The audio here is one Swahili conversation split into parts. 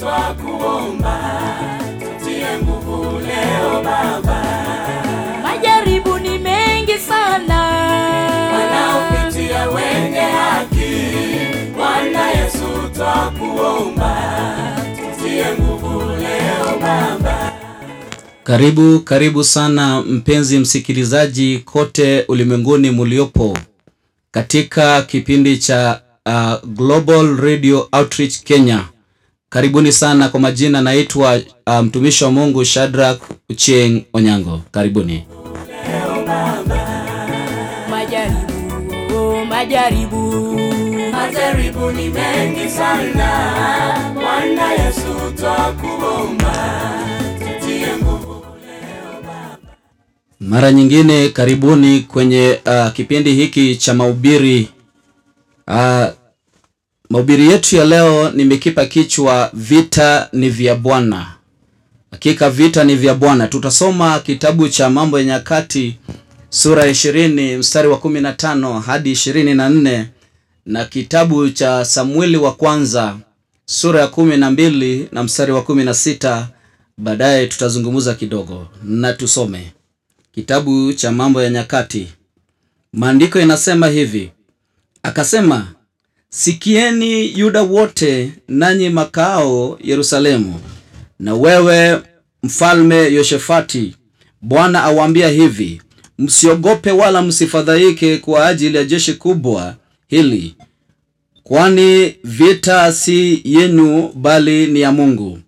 twakuomba, tutie nguvu leo Baba. Majaribu ni mengi sana wanaopitia wenye haki. Bwana Yesu twakuomba, tutie nguvu leo Baba. Karibu, karibu sana mpenzi msikilizaji kote ulimwenguni muliopo katika kipindi cha uh, Global Radio Outreach Kenya Karibuni sana. Kwa majina naitwa uh, mtumishi um, wa Mungu Shadrack Ucheng Onyango. Karibuni. Majaribu, majaribu, majaribu ni mengi sana. Bwana Yesu twakuomba, tutie nguvu leo Baba. Mara nyingine karibuni kwenye uh, kipindi hiki cha mahubiri uh, Mahubiri yetu ya leo nimekipa kichwa vita ni vya Bwana. Hakika vita ni vya Bwana. Tutasoma kitabu cha Mambo ya Nyakati sura 20 mstari wa 15 hadi 24 na kitabu cha Samueli wa kwanza sura ya 12 na mstari wa 16. Baadaye tutazungumza kidogo na tusome kitabu cha Mambo ya Nyakati. Maandiko inasema hivi, akasema Sikieni Yuda wote, nanyi makao Yerusalemu, na wewe mfalme Yoshefati, Bwana awaambia hivi: msiogope wala msifadhaike kwa ajili ya jeshi kubwa hili, kwani vita si yenu, bali ni ya Mungu.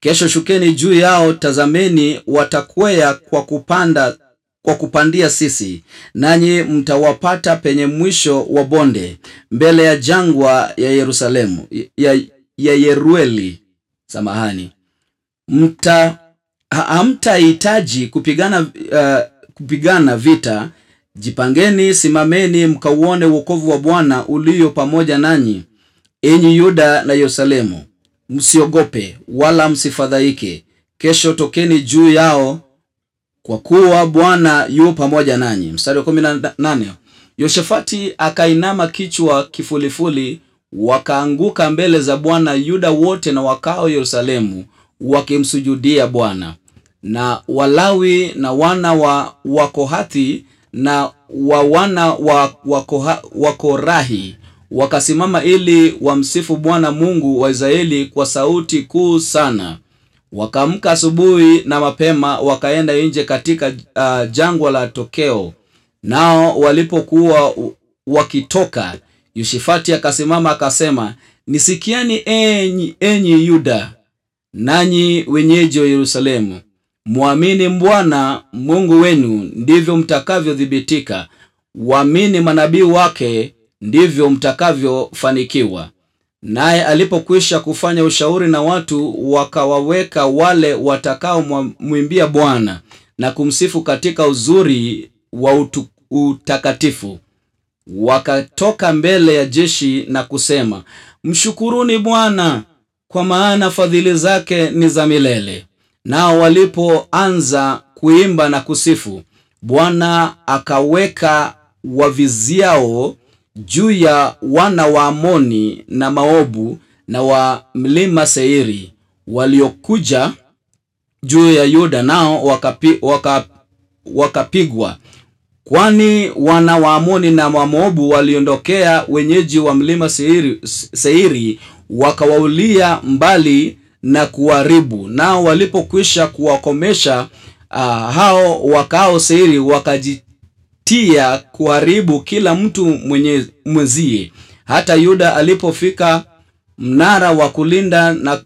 Kesho shukeni juu yao, tazameni, watakwea kwa kupanda kwa kupandia sisi, nanyi mtawapata penye mwisho wa bonde, mbele ya jangwa ya Yerusalemu ya, ya Yerueli. Samahani, mta hamtahitaji kupigana, uh, kupigana vita. Jipangeni, simameni, mkauone wokovu wa Bwana ulio pamoja nanyi, enyi Yuda na Yerusalemu. Msiogope wala msifadhaike. Kesho tokeni juu yao kwa kuwa Bwana yu pamoja nanyi. Mstari wa kumi na nane Yoshafati akainama kichwa kifulifuli, wakaanguka mbele za Bwana Yuda wote na wakao Yerusalemu, wakimsujudia Bwana. Na Walawi na wana wa Wakohathi na wa wana wa Wakorahi wakasimama ili wamsifu Bwana Mungu wa Israeli kwa sauti kuu sana. Wakaamka asubuhi na mapema, wakaenda nje katika uh, jangwa la Tokeo. Nao walipokuwa wakitoka, Yoshifati akasimama akasema, nisikiani enyi, enyi Yuda nanyi wenyeji wa Yerusalemu, mwamini Bwana Mungu wenu, ndivyo mtakavyothibitika; waamini manabii wake, ndivyo mtakavyofanikiwa. Naye alipokwisha kufanya ushauri na watu, wakawaweka wale watakaomwimbia Bwana na kumsifu katika uzuri wa utu, utakatifu. Wakatoka mbele ya jeshi na kusema, mshukuruni Bwana, kwa maana fadhili zake ni za milele. Nao walipoanza kuimba na kusifu, Bwana akaweka waviziao juu ya wana wa Amoni na maobu na wa mlima Seiri waliokuja juu ya Yuda, nao wakapi, waka, wakapigwa kwani wana wa Amoni na Moabu waliondokea wenyeji wa mlima Seiri, Seiri wakawaulia mbali na kuharibu. Nao walipokwisha kuwakomesha uh, hao wakao Seiri wakaji tia kuharibu kila mtu mwenye mwenzie. Hata Yuda alipofika mnara wa kulinda na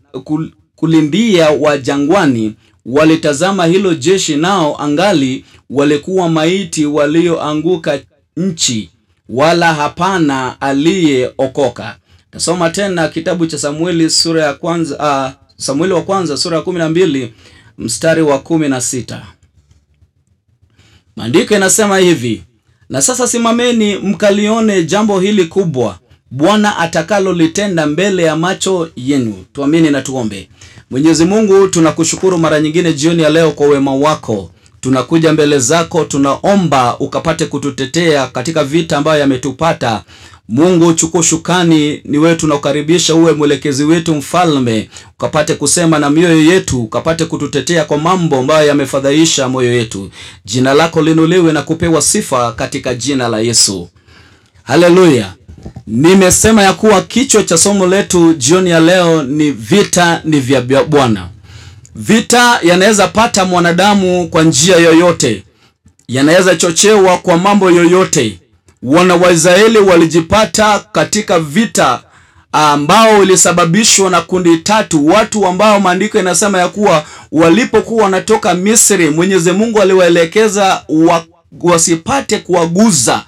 kulindia wa jangwani, walitazama hilo jeshi, nao angali walikuwa maiti walioanguka nchi, wala hapana aliyeokoka. Tasoma tena kitabu cha Samueli sura ya kwanza, uh, Samueli wa kwanza sura ya kumi na mbili mstari wa kumi na sita. Maandiko yanasema hivi, na sasa simameni mkalione jambo hili kubwa Bwana atakalolitenda mbele ya macho yenu. Tuamini na tuombe. Mwenyezi Mungu, tunakushukuru mara nyingine jioni ya leo kwa wema wako. Tunakuja mbele zako, tunaomba ukapate kututetea katika vita ambayo yametupata. Mungu chukua shukani ni wewe, tunakukaribisha uwe mwelekezi wetu mfalme, ukapate kusema na mioyo yetu, ukapate kututetea kwa mambo ambayo yamefadhaisha moyo yetu. Jina lako linuliwe na kupewa sifa katika jina la Yesu. Haleluya. Nimesema ya kuwa kichwa cha somo letu jioni ya leo ni vita ni vya Bwana. Vita yanaweza pata mwanadamu kwa njia yoyote, yanaweza chochewa kwa mambo yoyote wana wa Israeli walijipata katika vita ah, ambao ilisababishwa na kundi tatu, watu ambao maandiko inasema ya kuwa walipokuwa wanatoka Misri, Mwenyezi Mungu aliwaelekeza wa, wasipate kuwaguza,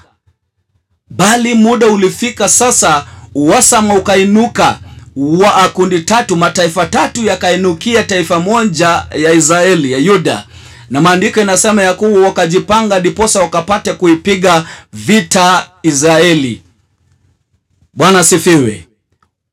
bali muda ulifika sasa, wasama ukainuka wa ah, kundi tatu, mataifa tatu yakainukia taifa moja ya Israeli ya Yuda na maandiko inasema ya kuwa wakajipanga, diposa wakapate kuipiga vita Israeli. Bwana sifiwe.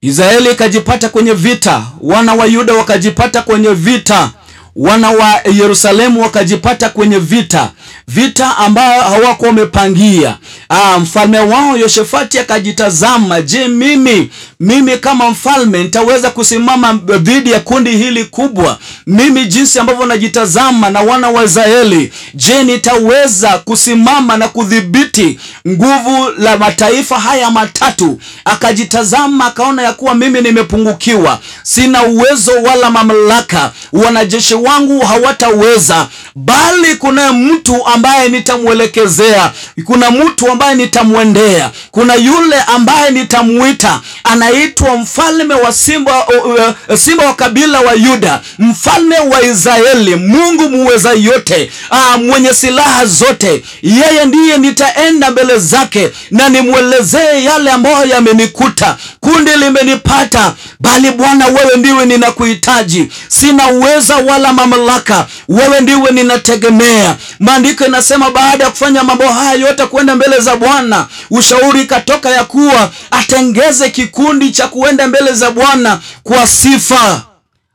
Israeli ikajipata kwenye vita, wana wa Yuda wakajipata kwenye vita, wana wa Yerusalemu wakajipata kwenye vita vita ambayo hawako wamepangia. Ah, mfalme wao Yoshefati akajitazama, je, mimi mimi kama mfalme nitaweza kusimama dhidi ya kundi hili kubwa? Mimi jinsi ambavyo najitazama na wana wa Israeli, je, nitaweza kusimama na kudhibiti nguvu la mataifa haya matatu? Akajitazama akaona ya kuwa mimi nimepungukiwa, sina uwezo wala mamlaka, wanajeshi wangu hawataweza, bali kuna mtu mtu ambaye nitamwelekezea, kuna mtu ambaye nitamwendea, kuna yule ambaye nitamuita. Anaitwa mfalme wa simba, uh, uh simba wa kabila wa Yuda, mfalme wa Israeli, Mungu muweza yote, uh, mwenye silaha zote, yeye ndiye nitaenda mbele zake na nimwelezee yale ambayo yamenikuta, kundi limenipata, bali Bwana wewe ndiwe ninakuhitaji, sina uweza wala mamlaka, wewe ndiwe ninategemea Mandi Maandiko inasema baada ya kufanya mambo haya yote kuenda mbele za Bwana, ushauri katoka ya kuwa atengeze kikundi cha kuenda mbele za Bwana kwa sifa.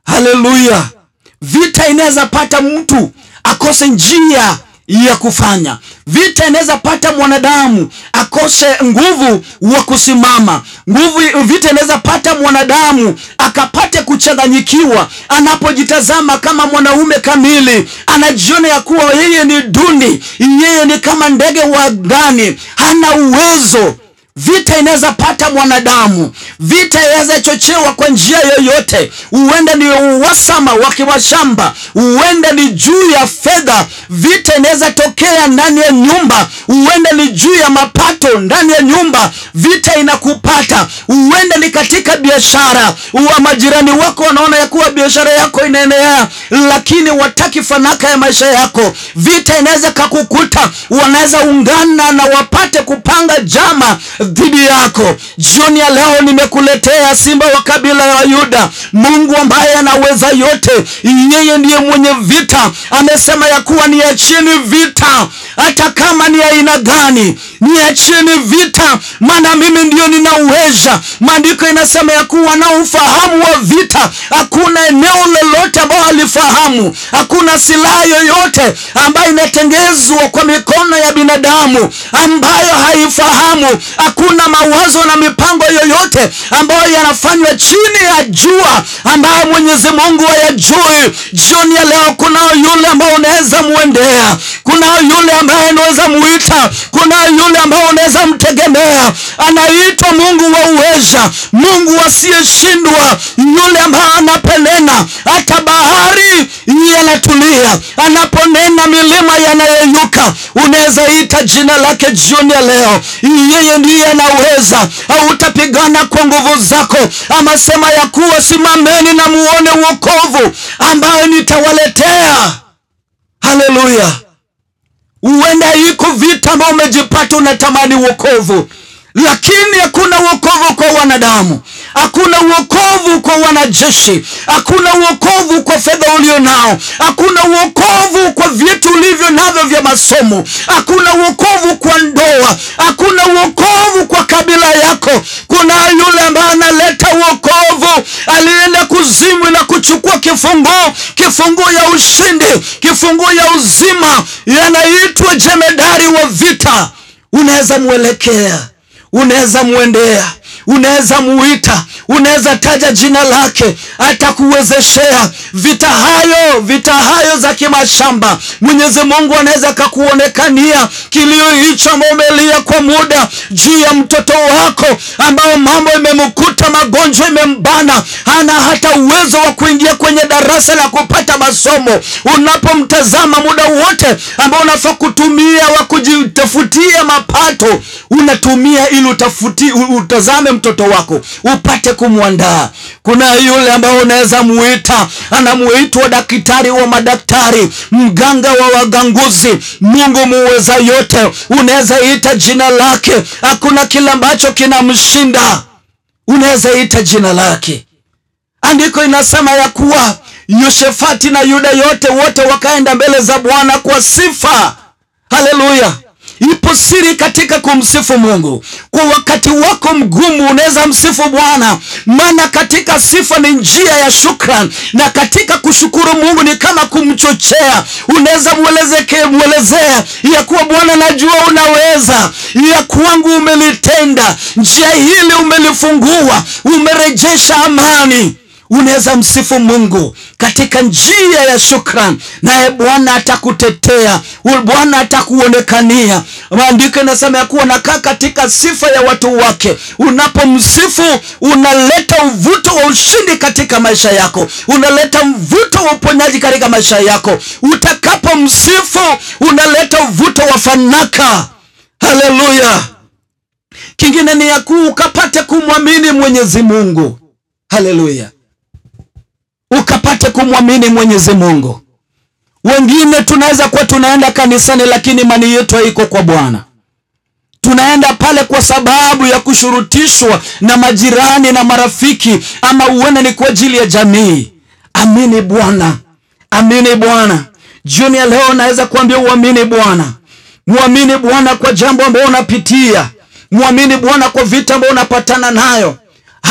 Haleluya! Vita inaweza pata mtu akose njia ya kufanya vita. Inaweza pata mwanadamu akose nguvu wa kusimama nguvu. Vita inaweza pata mwanadamu akapate kuchanganyikiwa anapojitazama kama mwanaume kamili, anajiona ya kuwa yeye ni duni, yeye ni kama ndege wa gani hana uwezo Vita inaweza pata mwanadamu, vita inaweza chochewa kwa njia yoyote. Huenda ni uwasama wa kimashamba, huenda ni juu ya fedha. Vita inaweza tokea ndani ya nyumba, huenda ni juu ya mapato ndani ya nyumba. Vita inakupata, huenda ni katika biashara. wa majirani wako wanaona ya kuwa biashara yako inaendelea, lakini wataki fanaka ya maisha yako. Vita inaweza kakukuta, wanaweza ungana na wapate kupanga jama dhidi yako. Jioni ya leo nimekuletea simba wa kabila la Yuda, Mungu ambaye anaweza yote, yeye ndiye mwenye vita. Amesema ya kuwa niacheni vita, hata kama ni aina gani, niacheni vita, maana mimi ndiyo ninauweza. Maandiko inasema ya kuwa na ufahamu wa vita. Hakuna eneo lolote ambayo alifahamu, hakuna silaha yoyote ambayo inatengezwa kwa mikono ya binadamu ambayo haifahamu hakuna mawazo na mipango yoyote ambayo yanafanywa chini ya jua ambayo Mwenyezi Mungu hayajui. Jioni ya leo kunao yule ambaye unaweza muendea, kunao yule ambaye unaweza muita, kunao yule ambaye unaweza mtegemea. Anaitwa Mungu wa uweza, Mungu asiyeshindwa, yule ambaye anapenena hata bahari yanatulia, anaponena milima yanayeyuka. Unaweza ita jina lake jioni ya leo, yeye ndiye aliye na uweza, hautapigana kwa nguvu zako, ama sema ya kuwa simameni na muone uokovu ambayo nitawaletea. Haleluya! Huenda iko vita ambao umejipata, unatamani uokovu lakini hakuna uokovu kwa wanadamu, hakuna uokovu kwa wanajeshi, hakuna uokovu kwa fedha ulio nao, hakuna uokovu kwa vitu ulivyo navyo vya masomo, hakuna uokovu kwa ndoa, hakuna uokovu kifunguo, kifunguo ya ushindi, kifunguo ya uzima. Yanaitwa jemedari wa vita. Unaweza mwelekea, unaweza mwendea, unaweza muita, unaweza taja jina lake, atakuwezeshea vita hayo, vita hayo za kimashamba, Mwenyezi Mungu anaweza kakuonekania kilio hicho ambao umelia kwa muda juu ya mtoto wako, ambao mambo imemkuta, magonjwa imembana, hana hata uwezo wa kuingia kwenye darasa la kupata masomo. Unapomtazama muda wote ambao unafaa kutumia wa kujitafutia mapato, unatumia ili utafuti utazame mtoto wako upate kumwandaa. Kuna yule ambayo unaweza muita anamuitwa daktari wa madaktari, mganga wa waganguzi, Mungu muweza yote, unaweza ita jina lake. Hakuna kile ambacho kinamshinda, unaweza ita jina lake. Andiko inasema ya kuwa Yoshefati na Yuda yote wote wakaenda mbele za Bwana kwa sifa. Haleluya! Ipo siri katika kumsifu Mungu. Kwa wakati wako mgumu, unaweza msifu Bwana, maana katika sifa ni njia ya shukran na katika kushukuru Mungu ni kama kumchochea. Unaweza mwelezea ya kuwa Bwana, najua unaweza, ya kwangu umelitenda, njia hili umelifungua, umerejesha amani. Unaweza msifu Mungu katika njia ya shukran naye Bwana atakutetea, Bwana atakuonekania. Maandiko inasema ya kuwa nakaa katika sifa ya watu wake. Unapomsifu unaleta uvuto wa ushindi katika maisha yako, unaleta mvuto wa uponyaji katika maisha yako. Utakapomsifu unaleta uvuto wa fanaka. Haleluya! Kingine ni ya kuu ukapate kumwamini Mwenyezi Mungu. Haleluya! tupate kumwamini Mwenyezi Mungu. Wengine tunaweza kuwa tunaenda kanisani, lakini mani yetu haiko kwa Bwana. Tunaenda pale kwa sababu ya kushurutishwa na majirani na marafiki, ama uende ni kwa ajili ya jamii. Amini Bwana, amini Bwana. Jioni ya leo naweza kuambia uamini Bwana, muamini Bwana kwa jambo ambalo unapitia, muamini Bwana kwa vita ambayo unapatana nayo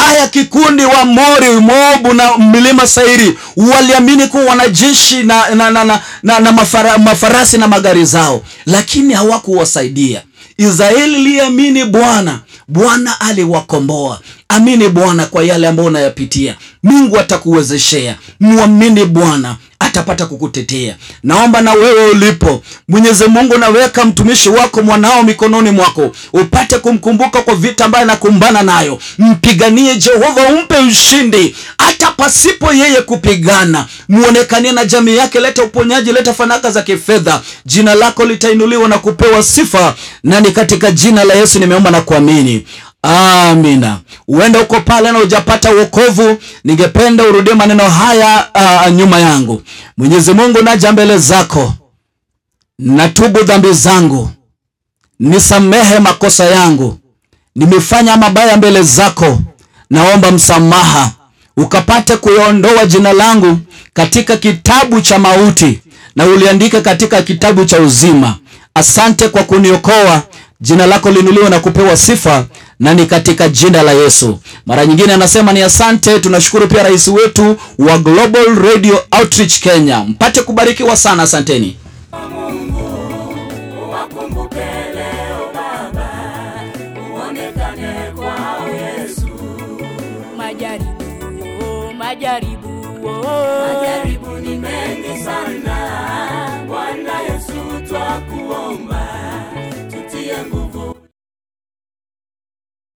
Haya kikundi wa Mori, mobu na milima Sairi waliamini kuwa wanajeshi na, na, na, na, na, na mafara, mafarasi na magari zao, lakini hawakuwasaidia. Israeli liamini Bwana, Bwana aliwakomboa. Amini Bwana kwa yale ambayo unayapitia, Mungu atakuwezeshea. Mwamini Bwana atapata kukutetea. Naomba na wewe ulipo, Mwenyezi Mungu, naweka mtumishi wako mwanao mikononi mwako, upate kumkumbuka kwa vita ambayo anakumbana nayo. Mpiganie Jehova, umpe ushindi hata pasipo yeye kupigana. Muonekanie na jamii yake, leta uponyaji, leta fanaka za kifedha. Jina lako litainuliwa na kupewa sifa, na ni katika jina la Yesu nimeomba na kuamini. Amina. Ah, Uenda uko pale na hujapata wokovu, ningependa urudie maneno haya uh, nyuma yangu. Mwenyezi Mungu, naja mbele zako, natubu dhambi zangu, nisamehe makosa yangu, nimefanya mabaya mbele zako, naomba msamaha, ukapate kuondoa jina langu katika kitabu cha mauti na uliandika katika kitabu cha uzima. Asante kwa kuniokoa, jina lako linuliwe na kupewa sifa na ni katika jina la Yesu. Mara nyingine anasema ni asante. Tunashukuru pia rais wetu wa Global Radio Outreach Kenya, mpate kubarikiwa sana, asanteni. Majaribu, oh. ni mengi sana. Bwana Yesu twakuomba